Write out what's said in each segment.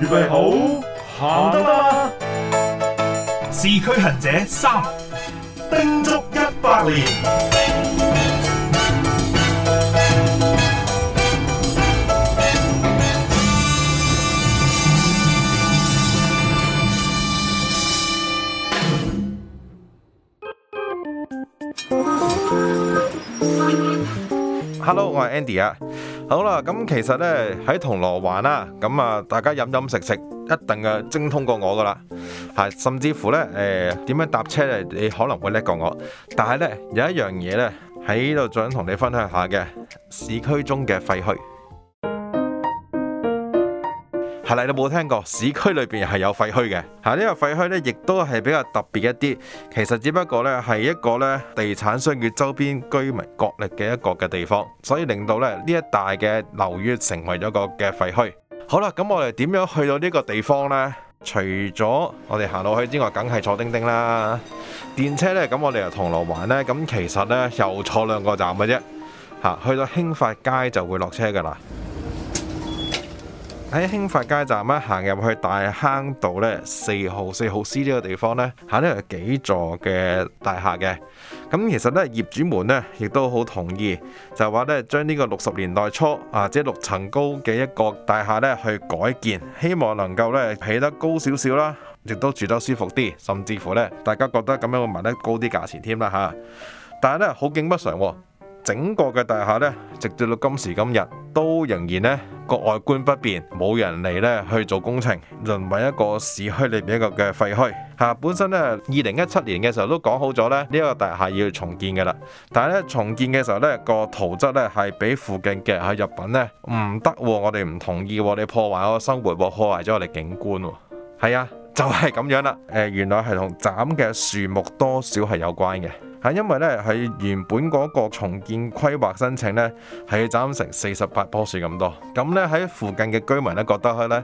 預備好，行得嗎？市區行者三叮足一百年。Hello，我係 Andy 啊。好啦，咁其實呢，喺銅鑼灣啦，咁啊大家飲飲食食一定係精通過我噶啦，係甚至乎呢，誒、呃、點樣搭車呢你可能會叻過我。但係呢，有一樣嘢呢，喺度想同你分享下嘅，市區中嘅廢墟。係啦，你冇聽過，市區裏邊係有廢墟嘅。吓、這、呢個廢墟呢，亦都係比較特別一啲。其實只不過呢，係一個呢地產商與周邊居民角力嘅一個嘅地方，所以令到咧呢一帶嘅樓宇成為咗個嘅廢墟。好啦，咁我哋點樣去到呢個地方呢？除咗我哋行落去之外，梗係坐叮叮啦，電車呢。咁我哋由銅鑼灣呢，咁其實呢，又坐兩個站嘅啫。去到興發街就會落車噶啦。喺興發街站一行入去大坑道咧，四號四號 C 呢個地方咧，下呢係幾座嘅大廈嘅。咁其實都係業主們咧，亦都好同意，就係話咧將呢個六十年代初啊，即係六層高嘅一個大廈咧去改建，希望能夠咧起得高少少啦，亦都住得舒服啲，甚至乎咧大家覺得咁樣會賣得高啲價錢添啦吓。但係咧好景不常。整個嘅大廈咧，直至到今時今日都仍然咧個外觀不變，冇人嚟咧去做工程，淪為一個市區裏邊一個嘅廢墟嚇。本身咧，二零一七年嘅時候都講好咗咧，呢一個大廈要重建嘅啦。但係咧，重建嘅時候咧，個圖則咧係俾附近嘅入品咧唔得喎，我哋唔同意喎，我哋破壞我嘅生活喎，破壞咗我哋景觀喎。係啊，就係咁樣啦。誒，原來係同斬嘅樹木多少係有關嘅。係因為咧，係原本嗰個重建規劃申請咧，係要斬成四十八棵樹咁多。咁咧，喺附近嘅居民咧，覺得佢咧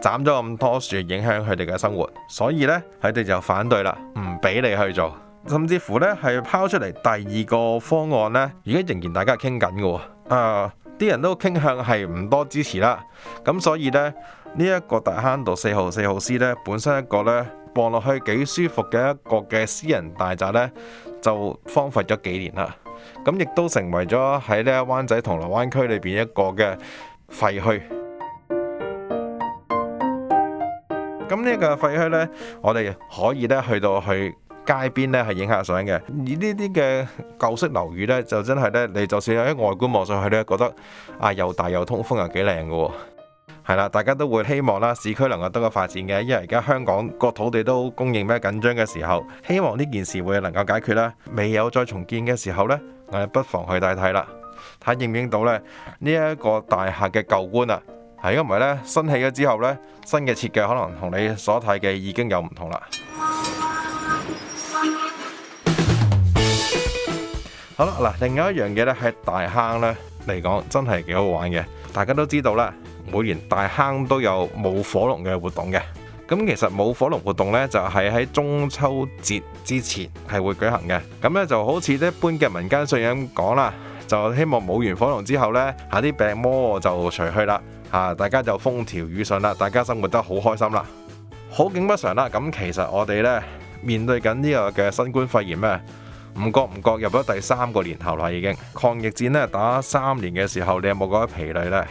斬咗咁多樹，影響佢哋嘅生活，所以咧佢哋就反對啦，唔俾你去做。甚至乎咧係拋出嚟第二個方案咧，而家仍然大家傾緊嘅喎。啊、呃，啲人都傾向係唔多支持啦。咁所以咧呢一個大坑道四號、四號 C 咧，本身一個咧。望落去幾舒服嘅一個嘅私人大宅咧，就荒廢咗幾年啦。咁亦都成為咗喺呢一灣仔銅鑼灣區裏邊一個嘅廢墟。咁呢個廢墟咧，我哋可以咧去到去街邊咧係影下相嘅。而呢啲嘅舊式樓宇咧，就真係咧，你就算喺外觀望上去咧，覺得啊又大又通風，又幾靚嘅喎。係啦，大家都會希望啦，市區能夠得到發展嘅，因為而家香港各土地都供應比較緊張嘅時候，希望呢件事會能夠解決啦。未有再重建嘅時候咧，我哋不妨去睇睇啦，睇認唔認到咧呢一個大廈嘅舊觀啦。係，因為唔係新起咗之後咧，新嘅設計可能同你所睇嘅已經有唔同啦。好啦，嗱，另外一樣嘢咧，喺大坑咧嚟講真係幾好玩嘅，大家都知道啦。每年大坑都有舞火龍嘅活動嘅，咁其實舞火龍活動呢，就係、是、喺中秋節之前係會舉行嘅，咁呢就好似一般嘅民間信仰講啦，就希望舞完火龍之後呢，下啲病魔就除去啦，嚇、啊、大家就風調雨順啦，大家生活得好開心啦。好景不常啦，咁其實我哋呢，面對緊呢個嘅新冠肺炎咧，唔覺唔覺入咗第三個年頭啦，已經抗疫戰呢，打三年嘅時候，你有冇覺得疲累呢？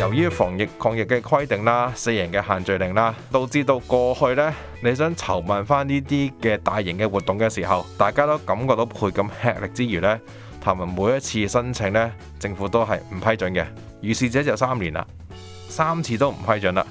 由於防疫抗疫嘅規定啦、四人嘅限聚令啦，導致到過去呢，你想籌辦翻呢啲嘅大型嘅活動嘅時候，大家都感覺到倍感吃力之餘呢，頭文每一次申請呢，政府都係唔批准嘅。於是者就三年啦，三次都唔批准啦。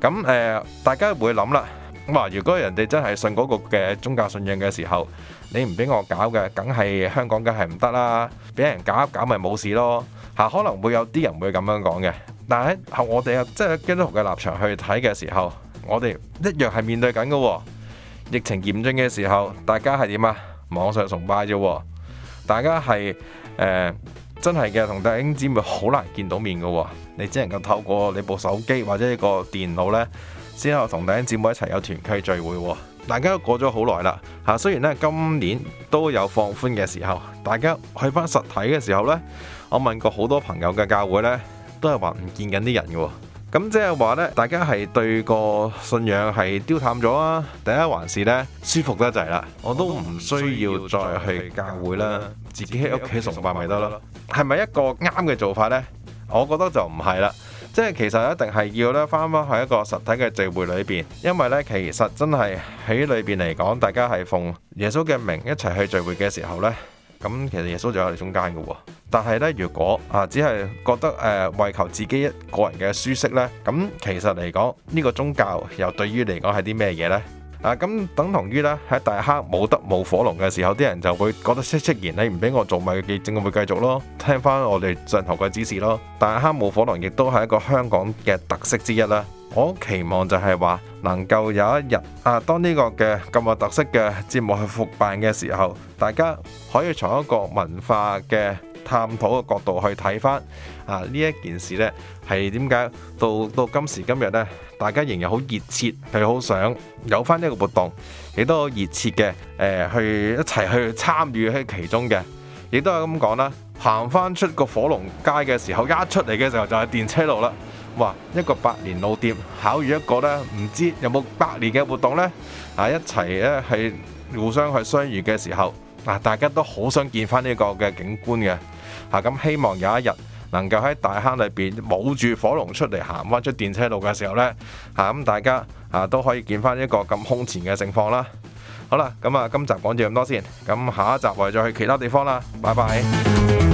咁誒、呃，大家會諗啦，咁如果人哋真係信嗰個嘅宗教信仰嘅時候，你唔俾我搞嘅，梗係香港梗係唔得啦。俾人搞一搞咪冇事咯嚇，可能會有啲人會咁樣講嘅。但係我哋啊，即係跟 e n 嘅立場去睇嘅時候，我哋一樣係面對緊嘅喎。疫情嚴峻嘅時候，大家係點啊？網上崇拜啫，大家係誒、呃、真係嘅同弟兄姊妹好難見到面嘅喎。你只能夠透過你部手機或者一個電腦呢，先可同弟兄姊妹一齊有團契聚會。大家都過咗好耐啦嚇，雖然呢，今年都有放寬嘅時候，大家去翻實體嘅時候呢，我問過好多朋友嘅教會呢。都係話唔見緊啲人嘅，咁即係話呢，大家係對個信仰係丟淡咗啊！第一還是呢舒服得滯啦，我都唔需要再去教會啦，自己喺屋企崇拜咪得咯。係咪一個啱嘅做法呢？我覺得就唔係啦，即係其實一定係要咧返返去一個實體嘅聚會裏邊，因為呢其實真係喺裏邊嚟講，大家係奉耶穌嘅名一齊去聚會嘅時候呢。咁其實耶穌就喺我哋中間嘅喎，但係咧，如果啊只係覺得誒為求自己一個人嘅舒適咧，咁其實嚟講呢個宗教又對於嚟講係啲咩嘢咧？啊咁等同於啦喺大黑冇得冇火龍嘅時候，啲人就會覺得戚戚然你唔俾我做咪，佢正佢會繼續咯，聽翻我哋上頭嘅指示咯。大黑冇火龍亦都係一個香港嘅特色之一啦。我期望就係話能夠有一日啊，當呢個嘅咁有特色嘅節目去復辦嘅時候，大家可以從一個文化嘅探討嘅角度去睇翻啊呢一件事呢係點解到到，到今時今日呢，大家仍然好熱切係好想有翻一個活動，亦都好熱切嘅誒、呃、去一齊去參與喺其中嘅。亦都係咁講啦，行翻出個火龍街嘅時候，一出嚟嘅時候就係電車路啦。哇！一個百年老店，考遇一個咧，唔知有冇百年嘅活動咧？啊，一齊咧係互相去相遇嘅時、啊、時候，啊，大家都好想見翻呢個嘅景觀嘅。啊，咁希望有一日能夠喺大坑裏邊舞住火龍出嚟行翻出電車路嘅時候呢，啊，咁大家啊都可以見翻一個咁空前嘅盛況啦。好啦，咁啊，今集講住咁多先，咁下一集為咗去其他地方啦。拜拜。